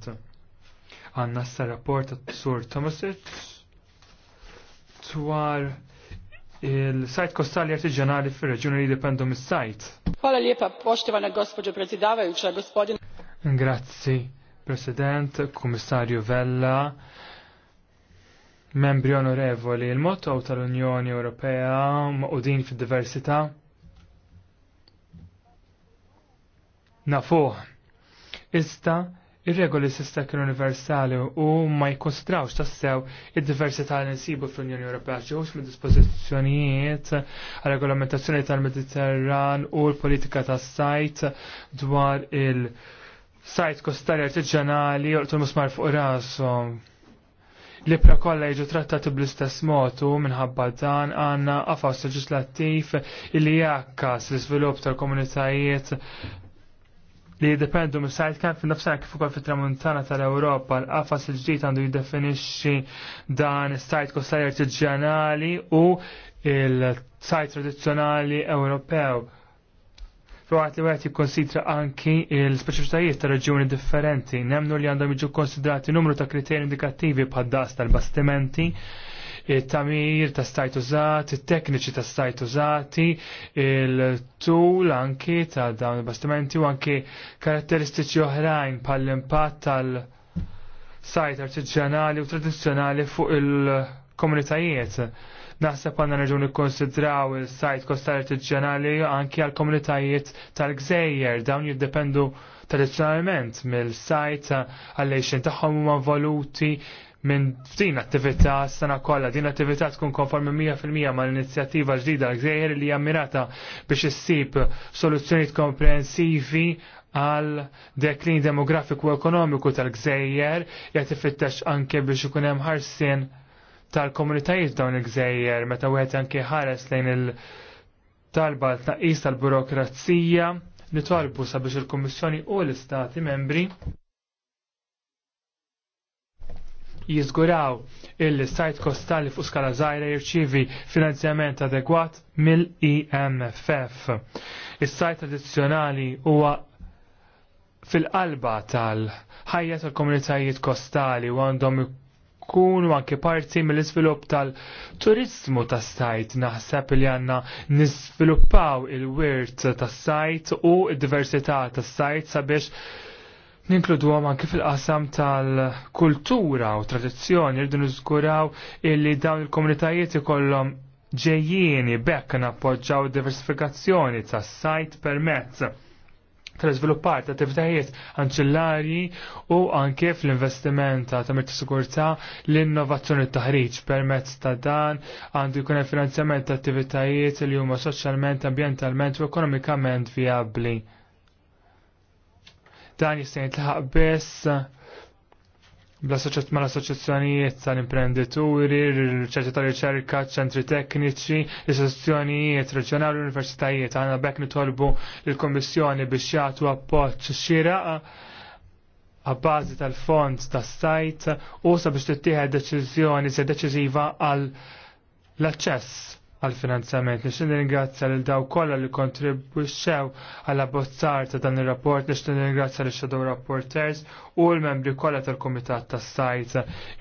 President. Għanna sa rapport sur Tomasic dwar il-sajt kostali artiġjanali fir-reġjuni li dipendu mis-sajt. Hvala lijepa poštovana gospođo predsjedavajuća, gospodin. Grazzi, President, Kummissarju Vella, membri onorevoli, il-motto tal-Unjoni Ewropea maqudin fid-diversità Nafu, Ista ir-regoli sistek universali u ma jkonsidrawx tassew id-diversità li nsibu fl-Unjoni Ewropea ġewx mid-dispożizzjonijiet għal regolamentazzjoni tal-Mediterran u l-politika tas-sajt dwar il- sajt kostali artiġjanali joqtu musmar fuq rasom. Li kollha jiġu trattati bl-istess mod u minħabba dan għandna qafas leġislattiv li jakkas l-iżvilupp tal-komunitajiet li jiddependu mis sajt kemm fin-nofsinhar kif ukoll fit-tramuntana tal-Ewropa l-qafas il-ġdid għandu jiddefinixxi dan is-sajt kostali artiġjanali u il-sajt tradizzjonali Ewropew. Ruħat li għet jikkonsidra anki il-speċifitajiet ta' reġjuni differenti, nemnu li għandhom jiġu konsidrati numru ta' kriteri indikattivi bħad-das tal-bastimenti, il-tamir ta' stajtużat, il-tekniċi ta' stajtużati, il-tul anki ta' dawn il-bastimenti u anki karatteristiċi oħrajn pal-impatt tal-sajt artiġjanali u tradizjonali fuq il-komunitajiet. Naħseb għanna nerġu nikkonsidraw il-sajt kostar artiġjanali anki għal komunitajiet tal-gżejjer, dawn jiddependu tradizjonalment mill-sajt lejxin tagħhom huma voluti minn din attività sena kollha din attività tkun konformi 100% ma' l-inizjattiva ġdida gżejjer li hija mirata biex issib soluzzjonijiet komprensivi għal deklin demografiku ekonomiku tal-gżejjer jgħat tifittex anke biex ikun hemm ħarsien tal-komunitajiet dawn il-gżejjer meta wieħed anke ħares lejn il-talba tnaqqis tal-burokrazija nitolbu sabiex il-Kummissjoni u l-Istati membri jizguraw il-sajt kostali fuq skala zaħira jirċivi finanzjament adegwat mill-IMFF. Is-sajt addizzjonali huwa fil-qalba tal-ħajja tal-komunitajiet kostali u għandhom ikunu anke parti mill-iżvilupp tal-turizmu ta' sajt naħseb li għandna niżviluppaw il-wirt tas-sajt u d-diversità tas-sajt sabiex ninkludu għom anki fil-qasam tal-kultura u tradizzjoni rridu nżguraw illi dawn il-komunitajiet ikollhom ġejjieni bekk nappoġġaw diversifikazzjoni tas sajt permezz tal-izviluppar ta' attivitajiet anċillarji u anke fl-investiment ta' tamir ta' sigurtà l-innovazzjoni taħriġ permezz ta' dan għandu jkun finanzjament ta' attivitajiet li huma soċjalment, ambjentalment u ekonomikament viabli dan jista' jitlaħaq biss mal assoċjazzjonijiet tal-imprenditori, riċerċa tal riċerka, ċentri tekniċi, l istituzzjonijiet reġjonali u universitajiet. Għana bekk nitolbu l-Kommissjoni biex jagħtu appoġġ xieraq għabbażi tal-fond tas-sajt u sabiex tittieħed deċiżjoni se deċiżiva għal l-aċċess għal finanzament nix nirringrazzja lil daw kollha li kontribwixxew għal abbozzar ta' dan ir-rapport nix ringrazzja lil shadow rapporters u l-membri kollha tal-Kumitat tas-Sajt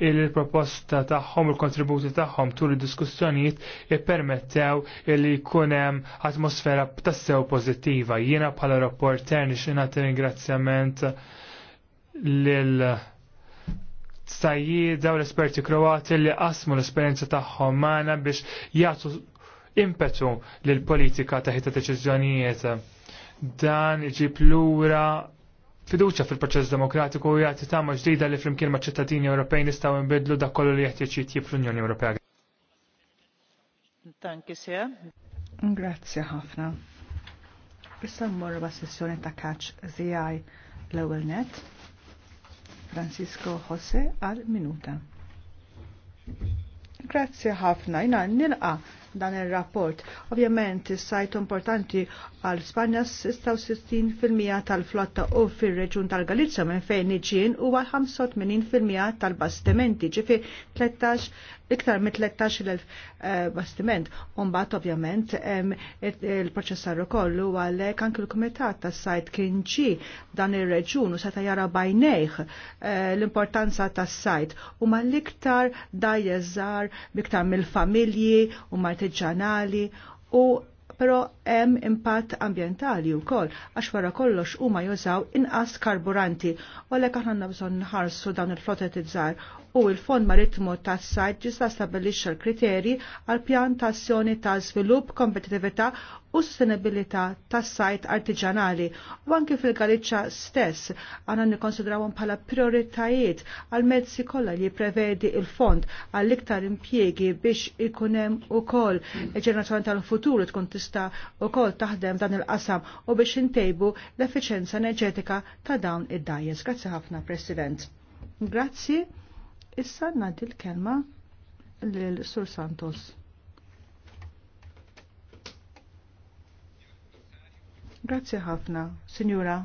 il-proposta tagħhom u l-kontributi tagħhom tul id-diskussjonijiet ippermettew li jkun hemm atmosfera tassew pożittiva. Jiena bħala rapporter nix nagħti ringrazzjament lil sajjida u l-esperti kroati li qasmu l-esperienza tagħhom magħna biex jagħtu impetu lill politika ta' ħita deċiżjonijiet. Dan iġib lura fiduċa fil-proċess demokratiku u jagħti tama ġdida li flimkien ma' ċittadini Ewropej nistgħu nbidlu dak kollu li jeħtieġ jitjib fl-Unjoni Ewropea. Tanki sew. Grazzi ħafna. Issa mmorru ba' sessjoni ta' kaċ ZI l-ewwel net. Francisco Jose għal minuta. Grazie ħafna, jina nilqa' dan ir-rapport. Ovvjament, is-sajt importanti għal Spanja 66% tal-flotta u fir-reġun tal-Galizja minn fejn iġin u għal 85% tal-bastimenti, ġifi 13 iktar minn 13.000 eh, bastiment. Umbat ovvjament il-proċessar ukoll u għalhekk anke l-kumitat tas-sajt kien dan ir-reġun u seta' jara bajnejh eh, l-importanza tas-sajt u mal-iktar dajjeżar biktar mill-familji u mal iktar dajjeżar biktar mill familji u ma' artiġanali u però hemm impatt ambjentali wkoll għax wara kollox huma jużaw inqas karburanti u għalhekk aħna bżonn nħarsu dawn il-flotta żgħar u il-Fond Maritmu tas-Sajt ġista stabilixxa l-kriterji għal pjan ta' azzjoni ta' żvilupp, kompetitività u sostenibilità tas-sajt artiġanali. u anke fil-Galiċċa stess għandna nikkonsidrawhom bħala prioritajiet għal mezzi kollha li jipprevedi il-fond għall iktar impjiegi biex ikun hemm ukoll ġenerazzjoni tal-futur tkun tista' ukoll taħdem dan il-qasam u biex intejbu l effiċjenza enerġetika ta' dawn id-dajjes. Grazzi ħafna, President. Grazzi. Issa nadi l-kelma l-Sur Santos. Grazie ħafna, Signora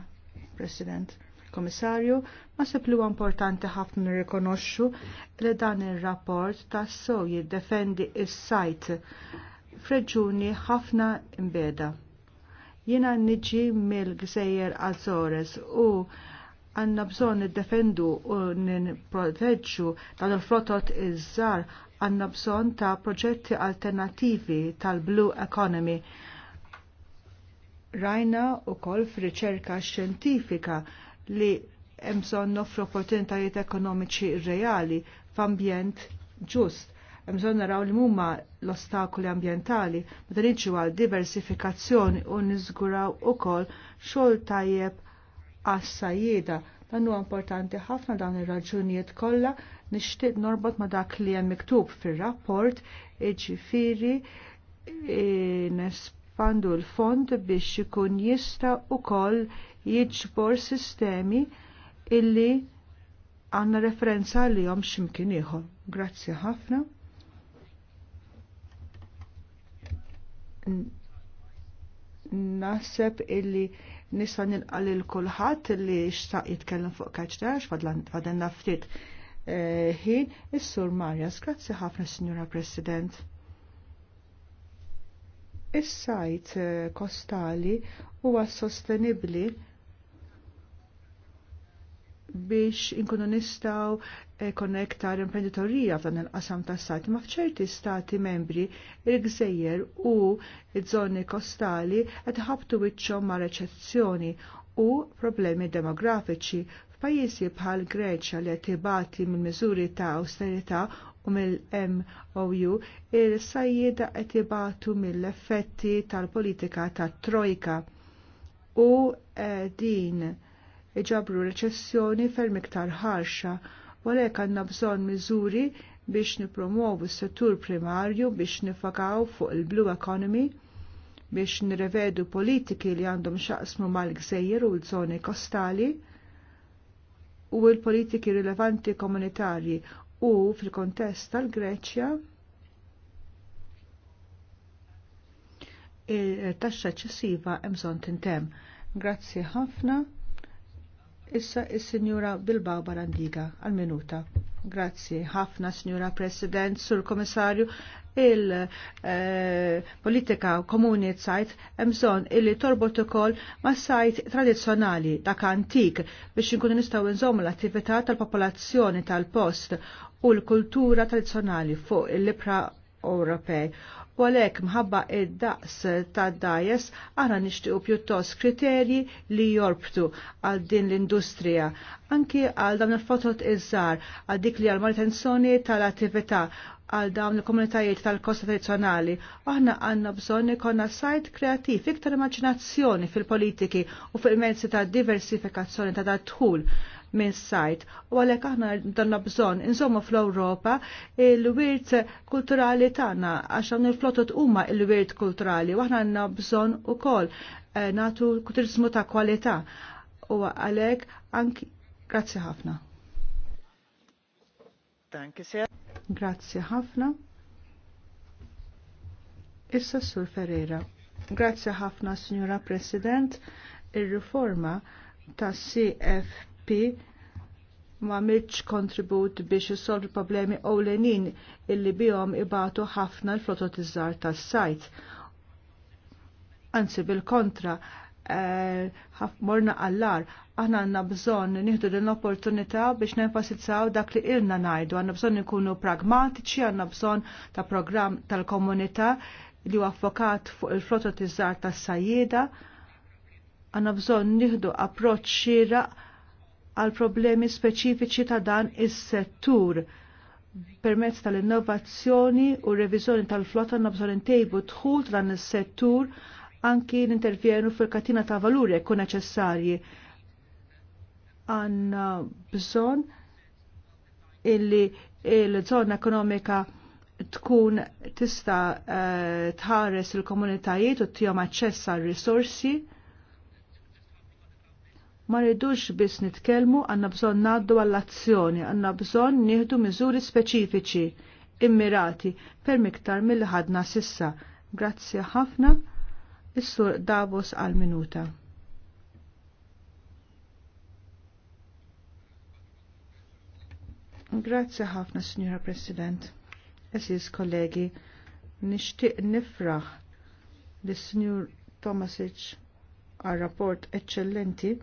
President, Komissarju, ma seplu importanti ħafna nirrikonoxxu li dan ir-rapport tassew jiddefendi is-sajt f'reġuni ħafna imbeda. Jiena niġi mill-Gżejjer Azores u għanna bżon niddefendu u n-proteġu tal-frotot iż-żar għanna bżon ta' proġetti alternativi tal-blue economy. Rajna u kol f'riċerka xjentifika li jemżon nofru opportunitajiet ekonomiċi reali f'ambjent ġust. Jemżon naraw li mumma l-ostakoli ambientali, meta niġu għal diversifikazzjoni u nizguraw u kol xogħol tajjeb għas-sajjeda. Dan huwa importanti ħafna dan ir-raġunijiet kollha nixtieq norbot ma dak li hemm miktub fir-rapport iġifieri e, nespandu l-fond biex ikun jista' ukoll jiġbor sistemi illi għanna referenza li jom ximkien iħor. Grazzi ħafna. Naħseb illi nisa nilqal lil kulħadd li xtaq jitkellem fuq kaċtax fadlan ftit eh, ħin is-Sur Marja, skrazzi ħafna Signora President. Is-sajt eh, kostali huwa sostenibbli biex inkunu nistaw l eh, imprenditorija f'dan il-qasam ta' stati ma' fċerti stati membri il-gżejjer u iż-żoni kostali qed ħabtu wiċċhom ma' reċezzjoni u problemi demografiċi f'pajjiżi bħal Greċja li qed tibati mill-miżuri ta' austerità u mill-MOU il sajjida qed ibatu mill-effetti tal-politika tat trojka u eh, din iġabru reċessjoni ferm iktar ħarxa u għalhekk għandna bżonn miżuri biex nipromovu s-settur primarju biex nifakaw fuq il-blue economy biex nirevedu politiki li għandhom xaqsmu mal-gżejjer u l-żoni kostali u l-politiki rilevanti komunitarji u fil-kontest tal-Greċja il-taxxa ċessiva hemm bżonn tintemm. Grazzi ħafna. Issa is-Sinjura Bilbao Barandiga għal-minuta. Grazzi ħafna, Sinjura President, Sur Komissarju. Il-politika eh, komuni t-sajt emżon illi torbot ukoll ma' sajt tradizzjonali dak antik biex inkunu nistgħu nżommu l-attività tal-popolazzjoni tal-post u l-kultura tradizzjonali fuq il-libra Ewropej u għalhekk mħabba id-daqs tad-dajes aħna nixtiequ pjuttost kriterji li jorbtu għal din l-industrija anki għal dawn il-fotot iż-żar għal dik li għal manutenzjoni tal-attività għal dawn il-komunitajiet tal-kosta tradizjonali, aħna għanna bżonn ikonna sajt kreativ, iktar immaġinazzjoni fil-politiki u fil-mezzi ta' diversifikazzjoni ta' dat-tħul minn sajt U għalhekk aħna danna bżonn insomma fl-Ewropa il-wirt kulturali tagħna għax hawn il-flotot huma il-wirt kulturali u aħna għandna bżonn ukoll eh, natu turizmu ta' kwalità. U għalek anki grazzi ħafna. Grazzi ħafna. Issa Sur Ferreira. Grazzi ħafna, Signora President. Il-riforma ta' CFP l-AKP ma mitx kontribut biex jissolvi problemi ewlenin illi bihom ibatu ħafna l-flototizzar tas-sajt. Anzi bil-kontra, eh, morna għallar, aħna għanna bżon nieħdu din l-opportunità biex nenfasizzaw dak li ilna najdu, għanna bżon nkunu pragmatiċi, għanna bżon ta' program tal-komunità li huwa affokat fuq il-flototizzar tas-sajjida, għanna bżon nieħdu approċċ xieraq għal problemi speċifiċi ta' dan is-settur permezz tal-innovazzjoni u reviżjoni tal-flotta nabżon intejbu dħul dan is-settur anki nintervjenu fil-katina ta' valuri jekk neċessarji. Għanna bżon illi il-żona ekonomika tkun tista eh, tħares il-komunitajiet u tihom aċċess għal risorsi ma rridux biss nitkellmu għanna bżon naddu għall-azzjoni, għanna bżon nieħdu miżuri speċifiċi, immirati, per miktar mill ħadna sissa. Grazzi ħafna, is-sur Davos għal-minuta. Grazzi ħafna, Signora President. Esis kollegi, nishtiq nifraħ li signor Tomasic għal rapport eccellenti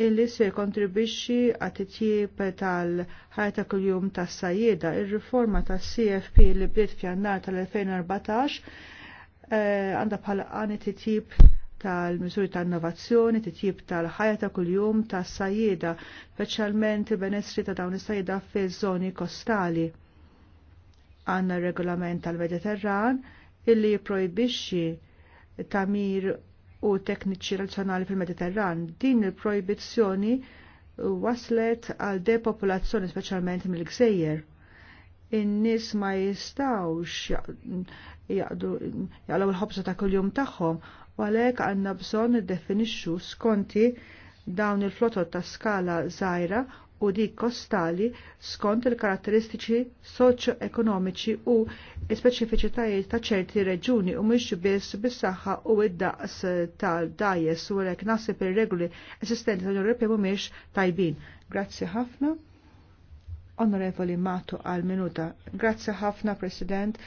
illi se kontribixxi għat-titjib tal-ħajta kuljum tas-sajjeda. Ir-riforma tas-CFP li bdiet f'jannar tal-2014 eh, għandha eh, bħala għani titjib tal-miżuri ta' innovazzjoni, titjib tal-ħajja ta' kuljum tas-sajjeda, speċjalment il-benessri ta' dawn is-sajjeda fiż-żoni kostali. Għandna regolament tal-Mediterran illi jipprojbixxi tamir u tekniċi razzjonali fil-Mediterran. Din il-proibizzjoni waslet għal depopolazzjoni speċjalment mill-gżejjer. In-nies ma jistawx jaqlaw il-ħobsa ta' kuljum tagħhom u għalhekk għandna bżonn iddefinixxu skonti dawn il-flotot ta' skala żgħira u dik kostali skont il-karatteristiċi soċio ekonomiċi u speċifiċitajiet ta' ċerti reġuni u mhux biss bis-saħħa u id-daqs tal-dajes u għalhekk nasib ir-regoli esistenti tal Ewropej mhumiex tajbin. Grazzi ħafna. Onorevoli Matu għal minuta. Grazzi ħafna, President.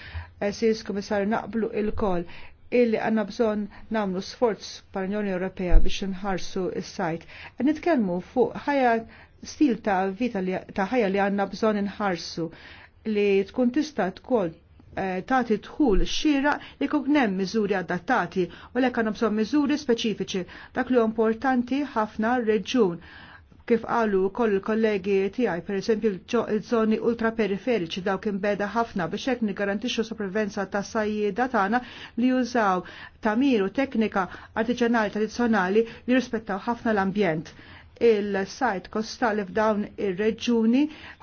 Sis Komissarju, naqblu il-kol illi għanna bżon namlu sforz pal-Unjoni Ewropea biex nħarsu s-sajt. Nitkellmu fuq ħajja stil ta' vita li, ta' ħajja li għanna bżon inħarsu li tkun tista' tkun eh, tati dħul xira li kognem nem miżuri adattati u lekk għanna bżon miżuri speċifiċi dak li importanti ħafna reġun kif qalu koll kollegi tiegħi per eżempju il żoni ultraperiferiċi dawk beda ħafna biex hekk nigarantixxu sopravvenza ta' sajjida tagħna li jużaw tamiru teknika artiġjanali tradizzjonali li rispettaw ħafna l-ambjent il-sajt kostali f'dawn ir-reġuni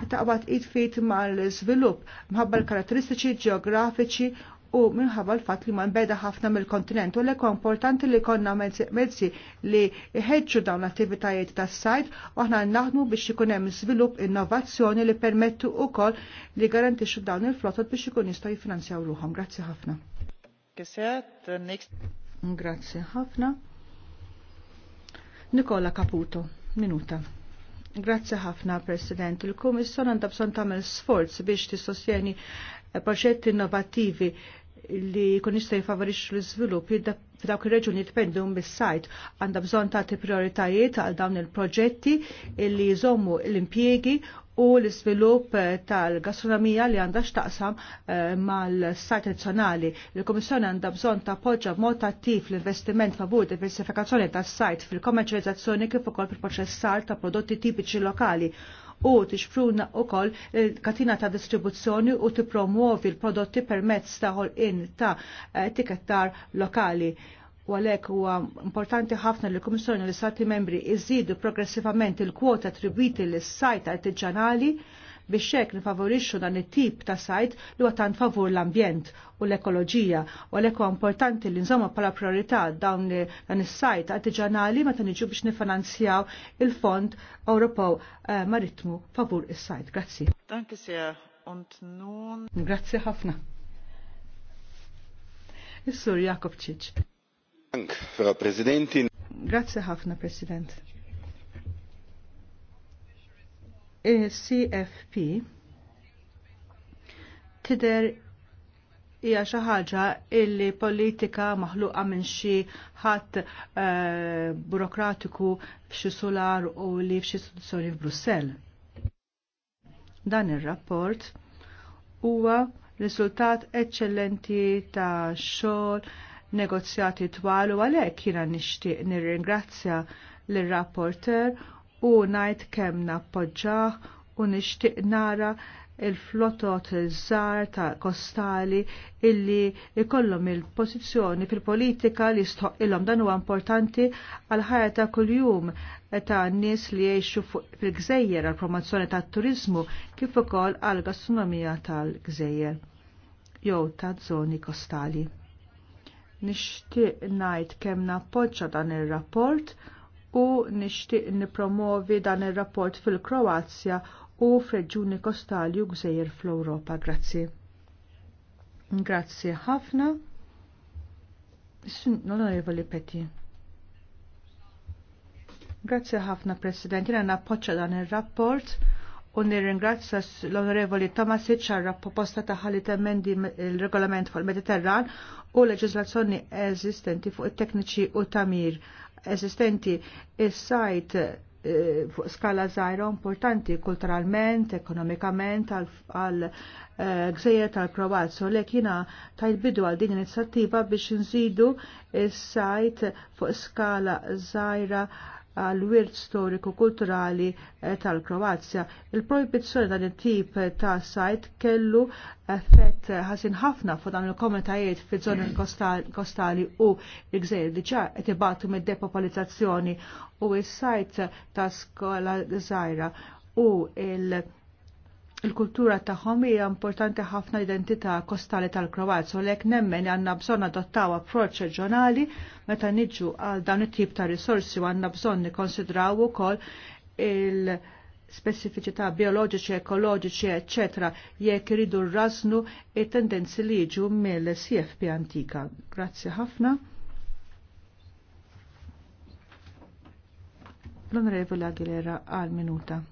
taqbad id-fit mal-svilupp mħabba l-karatteristiċi ġeografiċi u minħabba l-fat li ma nbeda ħafna mill-kontinent u l importanti li konna mezzi li ħedġu dawn l-attivitajiet tas sajt u aħna naħdmu biex ikun hemm żvilupp innovazzjoni li permettu wkoll li garantixxu dawn il-flotot biex ikun jistgħu jiffinanzjaw ruhom. Grazzi ħafna. Eh, Grazzi ħafna. Nikola Caputo. Minuta. Grazzi ħafna, President. il komissjon għandha bżonn tagħmel sforz biex tissostjeni proġetti innovattivi li jkun jista' jifavorixxu l-iżvilupp f'dawk ir-reġuni jitpendu mis-sajt għandha bżonn tagħti prioritajiet għal dawn il-proġetti li jżommu l-impjiegi u l-iżvilupp tal-gastronomija li għandha x'taqsam eh, mal-sajt tradizzjonali. Il-Kummissjoni għandha bżonn poġġa b'mod attiv l-investiment favur diversifikazzjoni tas-sajt fil-kommerċjalizzazzjoni kif ukoll fil-proċessar ta' prodotti tipiċi lokali u u wkoll eh, katina ta' distribuzzjoni u tipromuovi l-prodotti permezz ta' in ta' eh, etikettar lokali U għalhekk huwa importanti ħafna li l-Kummissjoni u l-Istati membri iżidu progressivament il-kwota attribwiti lis sajt artiġanali biex hekk nifavorixxu dan it-tip ta' sajt li huwa tant favur l-ambjent u l-ekoloġija u għalhekk huwa importanti li nżommu bħala priorità dawn dan is-sajt artiġanali meta niġu biex nifinanzjaw il-Fond Ewropew eh, Maritmu favur is-sajt. Grazzi. Danke sehr und nun Grazzi ħafna. Is-Sur Jakob Ċiċ. Grazie ħafna, President. Il-CFP e, tider hija xi ħaġa illi politika maħluqa minn xi ħadd uh, burokratiku f'xi solar u li f'xi istituzzjoni f'Brussell. Dan ir-rapport huwa riżultat eċċellenti ta' xogħol negozjati twal u għalhekk jiena nixtieq nirringrazzja lir-rapporter u ngħid kemm nappoġġah u nixtieq nara il-flotot żgħar ta' kostali illi ikollhom il-pożizzjoni fil-politika li stoq dan huwa importanti għal ħajja ta' kuljum ta' nies li jgħixu fil-Gżejjer għal promozzjoni tat-turiżmu kif ukoll għal gastronomija tal-Gżejjer jew ta' żoni kostali. Nixtieq ngħid kemm nappoġġa dan ir-rapport u nixtieq nippromovi dan ir-rapport fil-Kroazja u fil-ġuni kostali u gżejjer fl-Ewropa. Grazzi. Grazzi ħafna. L-Onorevoli Peti. Grazzi ħafna, President. Jena nappoċċa dan il-rapport u nirringrazzja l-Onorevoli Tomasic għal proposta ta' ħalli temendi il-regolament fuq il-Mediterran u leġislazzjoni eżistenti fuq it-tekniċi u tamir eżistenti il sajt eh, fuq skala zaħira importanti kulturalment, ekonomikament, għal eh, gżejjer tal-Kroat. So lek jina tajbidu għal din inizjattiva biex nżidu il sajt fuq skala zaħira għal wirt storiku kulturali eh, tal-Kroazja. Il-proibizzjoni dan it-tip ta' sajt kellu effett ħasin ħafna fuq dan il-komunitajiet fi zoni kostali u l-gżejjer diġà qed ibatu mid-depopolizzazzjoni u s-sajt ta' skola żgħira u il- il-kultura tagħhom hija importanti ħafna identità kostali tal-Kroat, so lek nemmen għanna bżonn adottaw approċċ reġjonali meta niġu għal dawn it-tip ta' risorsi u għandna bżonn nikkonsidraw ukoll il- spesifiċità bioloġiċi, ekoloġiċi, eccetera, jekk iridu rrasnu it-tendenzi li jiġu mill-CFP antika. Grazzi ħafna. L-Onorevole Aguilera għal minuta.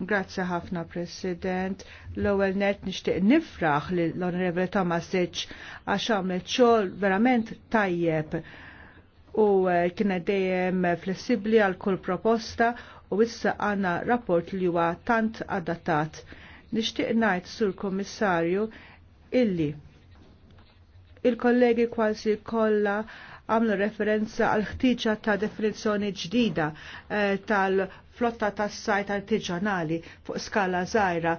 Grazzi ħafna, President. L-ewwel net nixtieq nifraħ l-Onorevole Tomasic għax għamlet xogħol verament tajjeb u eh, kienet dejjem flessibbli għal kull proposta u issa għandna rapport li huwa tant adattat. Nixtieq ngħid sur Kommissarju illi il-kollegi kważi kollha għamlu referenza għal ħtiġa ta' definizzjoni ġdida eh, tal-flotta tas sajt artiġanali fuq skala żgħira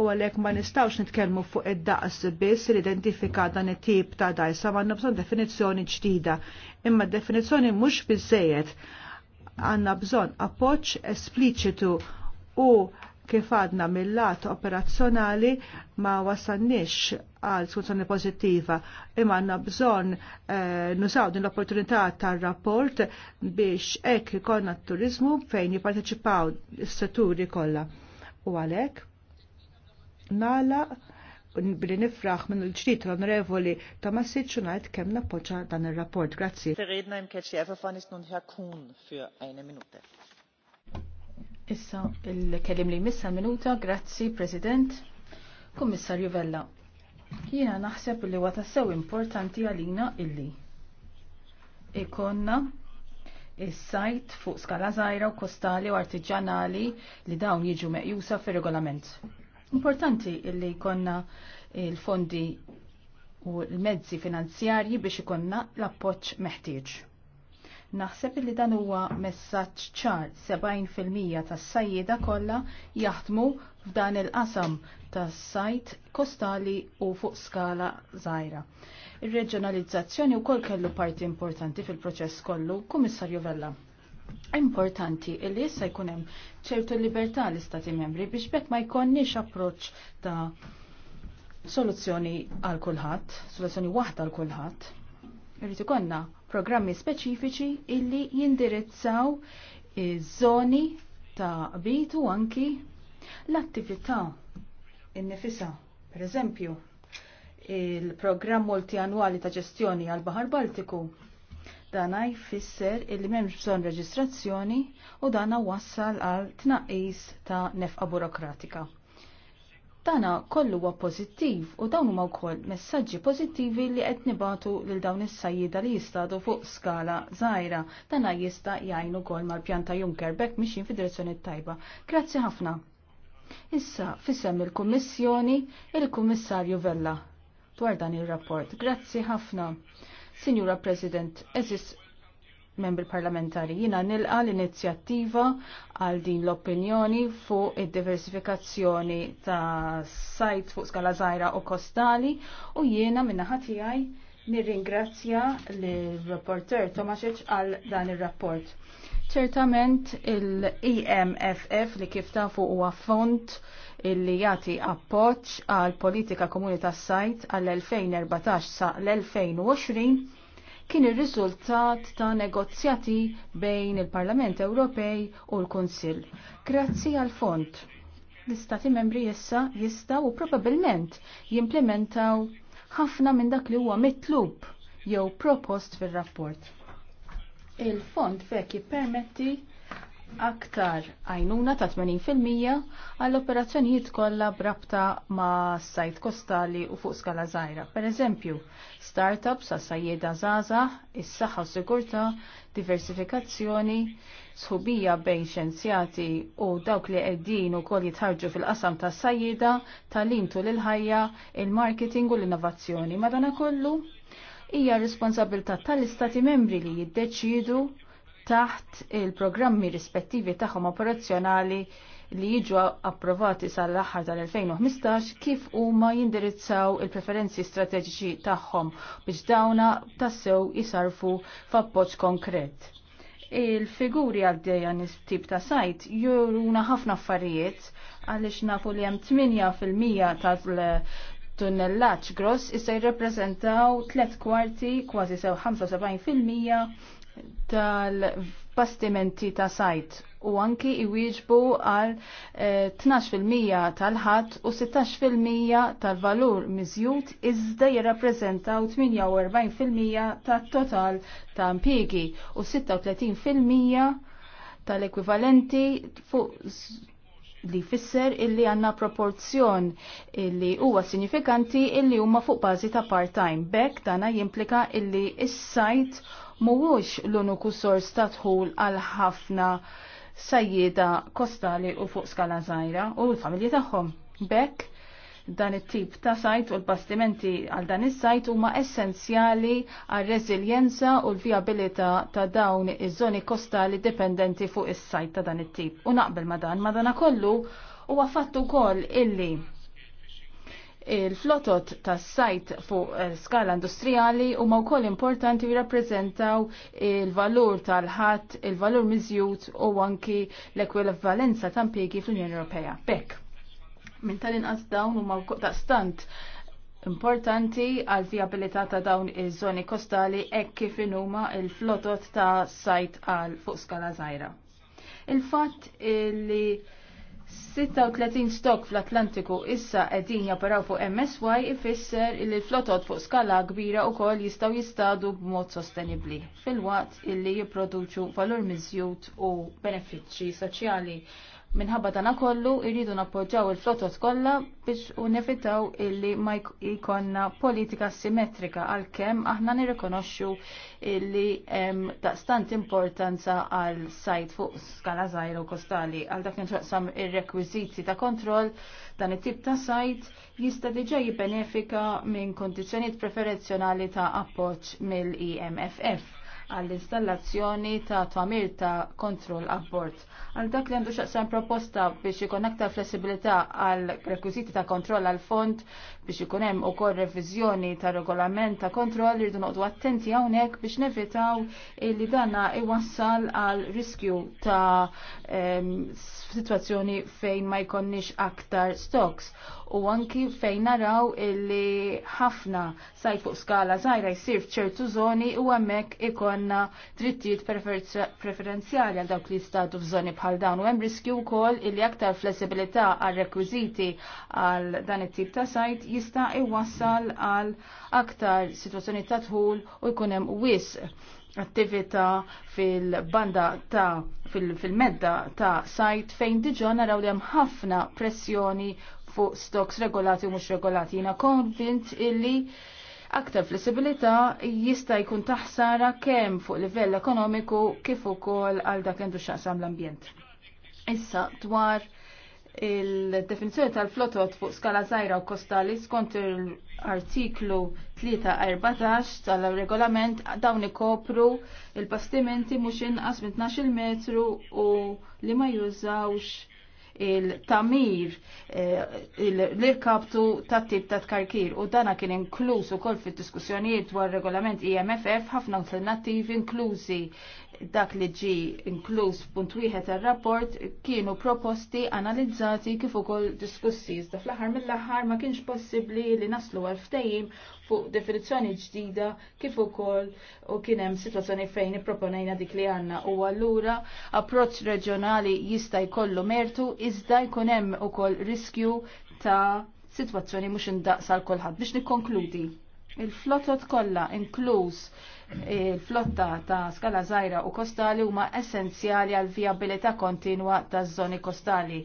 u għalhekk ma nistgħux nitkellmu fuq id-daqs biss li identifika dan it-tip ta' dajsa ma bżonn definizzjoni ġdida. Imma definizzjoni mhux bizzejet għandna bżonn appoġġ espliċitu u kif għadna mill-lat operazzjonali ma wasannix għal soluzzjoni pozittiva imma għanna bżon eh, nużaw nusaw din l-opportunità tar-rapport biex ek ikonna t-turizmu fejn jipparteċipaw s-setturi kollha. U għalhekk nala billi nifraħ minn il-ġdid l-onorevoli Tomasic ngħid kemm nappoġġa dan ir-rapport. Grazzi. Verredna im Catch the Everfund nun Herr Issa il kellim li missa minuta, grazzi President, Kummissarju Vella. Jiena naħseb li huwa tassew importanti għalina illi ikonna il sajt fuq skala żgħira u kostali u artiġanali li dawn jiġu meqjusa fir-regolament. Importanti illi jkollna il-fondi u l-mezzi finanzjarji biex ikonna l-appoġġ meħtieġ. Naħseb li dan huwa messaġġ ċar 70% tas-sajjieda kollha jaħdmu f'dan il-qasam tas-sajt kostali u fuq skala żgħira. Ir-reġjonalizzazzjoni wkoll kellu parti importanti fil-proċess kollu, Kummissarju Vella. Importanti li issa jkun hemm ċertu libertà l-Istati membri biex bekk ma jkollniex approċċ ta' soluzzjoni għal kulħadd, soluzzjoni waħda għal kulħadd Irrid konna programmi speċifiċi illi jindirizzaw iż-żoni ta' bitu anki l-attività innifisa. Per eżempju, il-programm multianwali ta' ġestjoni għal Bahar Baltiku dana jfisser illi memx bżon reġistrazzjoni u dana wassal għal tnaqis ta' nefqa burokratika. Dana kollu huwa pożittiv u dawn huma wkoll messaġġi pożittivi li qed nibatu lil dawn is-sajjida li jistadu fuq skala żgħira. Dana jista' jgħin ukoll mal-pjanta Juncker bekk mixin fid-direzzjoni tajba. Grazzi ħafna. Issa fissem il-Kummissjoni il-Kummissarju Vella dwar dan ir-rapport. Grazzi ħafna. Signora President, eżis membri parlamentari. Jina nilqa l-inizjattiva għal din l-opinjoni fuq id-diversifikazzjoni ta' sajt fuq skala zaħira u kostali u jiena minna ħati għaj nirringrazzja l-reporter Tomasic għal dan il-rapport. Ċertament il-EMFF li kif ta' fuq huwa font illi jati appoċ għal politika komuni tas sajt għal 2014 sa l-2020 kien ir-riżultat ta' negozjati bejn il-Parlament Ewropej u l-Kunsill. Grazzi għal fond l-istati membri jissa jistaw u probabilment jimplementaw ħafna minn dak li huwa mitlub jew propost fil-rapport. Il-fond fek jippermetti aktar għajnuna ta' 80% għall operazzjonijiet kollha brabta ma' sajt kostali u fuq skala żgħira. Per eżempju, startups sa' sajjeda zaza, is-saħħa u sigurta, diversifikazzjoni, sħubija bejn xenzjati u dawk li qegħdin ukoll jitħarġu fil-qasam ta' sajjeda, tal-lim tul il-ħajja, il-marketing u l-innovazzjoni. Madana kollu, hija responsabilità tal-istati membri li jiddeċidu taħt il-programmi rispettivi tagħhom operazzjonali li jiġu approvati sal-aħħar tal-2015 kif huma jindirizzaw il-preferenzi strateġiċi tagħhom biex dawna tassew jisarfu f'appoġġ konkret. Il-figuri għaddeja tip ta' sajt juruna ħafna affarijiet għaliex nafu li hemm 8% tal tunnellaċ gross issa jirrepreżentaw 3 kwarti kważi sew 75% tal-bastimenti ta' sajt u anki iwieġbu għal 12% eh, tal-ħadd u 16% tal-valur miżjud iżda jirrappreżentaw 48% tat-total ta' impjiegi u 36% tal-ekwivalenti fuq li fisser illi għanna proporzjon illi huwa sinifikanti illi huma fuq bażi ta' part-time. Bek dana jimplika illi is-sajt mhuwiex l-uniku sors ta' tħul għal ħafna sajjieda kostali u fuq skala żgħira u l-familji tagħhom. Bekk Dan it-tip ta' sajt u l-bastimenti għal dan is-sajt huma essenzjali għal reżiljenza u l-vijabilità ta' dawn iż-żoni kostali dipendenti fuq is-sajt ta' dan it-tip. U naqbel ma' dan, ma' kollu huwa fatt ukoll illi il-flotot tas sajt fuq eh, skala industrijali u ma wkoll importanti jirrappreżentaw il-valur tal-ħadd, il-valur miżjud u anki l-ekwivalenza ta' impjiegi fl-Unjoni Ewropea. Bekk. Minn tal-inqas dawn huma stant importanti għal viabilità ta' dawn iż-żoni kostali hekk kif huma l-flotot ta' sajt għal fuq skala żgħira. Il-fatt li 36 stok fl-Atlantiku issa qegħdin japeraw fuq MSY ifisser li l-flotot fuq skala kbira wkoll jistgħu jistadu b'mod sostenibbli fil-waqt illi jipproduċu valur miżjud u benefiċċji soċjali Minħabba dana kollu irridu nappoġġaw il-flotot kollha biex unevitaw illi ma jkonna politika simmetrika għalkemm aħna nirrikonoxxu illi hemm daqstant importanza għal sajt fuq skala żgħira u kostali għal dak intraqsam ir-rekwiżiti ta' kontroll dan it-tip ta' sajt jista' diġà jibbenefika minn kondizzjonijiet preferenzjonali ta' appoġġ mill-EMFF għall-installazzjoni ta' tamir ta' kontroll abort. Għal dak li għandu xaqsan proposta biex ikun aktar flessibilità għal rekwiziti ta' kontroll għal fond biex ikun hemm ukoll reviżjoni ta' regolament ta' kontroll irridu noqdu attenti hawnhekk biex nevitaw li danna iwassal għal riskju ta' ehm, situazzjoni fejn ma jkonniex aktar stocks u anki fejn naraw illi ħafna sajt fuq skala zaħira jisir f'ċertu zoni u għemmek ikonna drittijiet preferenzjali għal dawk li jistatu f'żoni bħal dawn u hemm riskju wkoll illi aktar flessibilità għal rekwiżiti għal dan it-tip ta' sajt jista' iwassal għal aktar situazzjoni ta' tħul u jkun hemm wisq attività fil-banda ta' fil-medda ta' sajt fejn diġa naraw li hemm ħafna pressjoni fuq stocks regolati u mhux regolati. Jiena konvint illi aktar flessibilità jista' jkun taħsara kemm fuq livell ekonomiku kif ukoll għal dak għandu x'aqsam l-ambjent. Issa dwar il-definizjoni tal-flotot fuq skala żgħira u kostali skont l-artiklu 314 tal-regolament dawn ikopru il-bastimenti mhux inqas minn 12 metru u li ma jużawx il-tamir eh, l-irkabtu ta' tip ta' tkarkir u dana kien inkluż ukoll fid-diskussjonijiet dwar regolament IMFF e ħafna alternattivi inklużi dak li ġi inkluż punt wieħed ar rapport kienu proposti analizzati kif ukoll diskussi iżda fl-aħħar mill-aħħar ma kienx possibbli li naslu għal ftehim fuq definizzjoni ġdida kif ukoll u kien hemm sitwazzjoni fejn ipproponejna dik li għandna u allura approċċ reġjonali jista' jkollu mertu iżda jkun hemm ukoll riskju ta' sitwazzjoni mhux indaqsa l kulħadd biex nikkonkludi. Il-flottot kollha inkluż il-flotta ta' skala żgħira u kostali huma essenzjali għal vijabilità kontinwa taż-żoni kostali.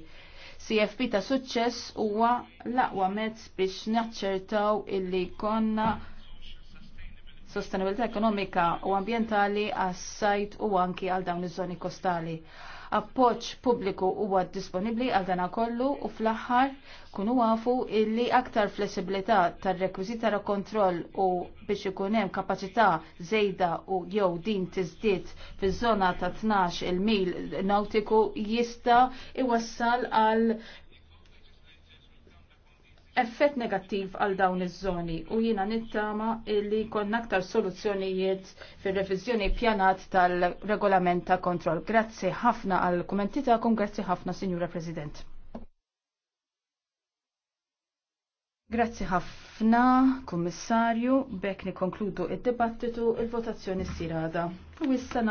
CFP ta' suċċess huwa l-aqwa mezz biex naċċertaw illi konna sostenibilità ekonomika u ambientali għas-sajt u anki għal dawn iż-żoni kostali appoċ pubbliku huwa disponibbli għal dana kollu u fl-aħħar kunu għafu illi aktar flessibilità tar-rekwiżita ra kontroll u biex ikun hemm kapaċità żejda u jew din tizdit fiż-żona ta' 12 il-mil nautiku jista' iwassal għal effett negattiv għal dawn iż-żoni u jiena nittama li konna aktar soluzzjonijiet fir revizjoni pjanat tal-regolament ta' kontroll. Grazzi ħafna għal ta' tagħkom, grazzi ħafna Sinjura President. Grazzi ħafna, Kummissarju, bekni nikkonkludu id-dibattitu il-votazzjoni s-sirada. U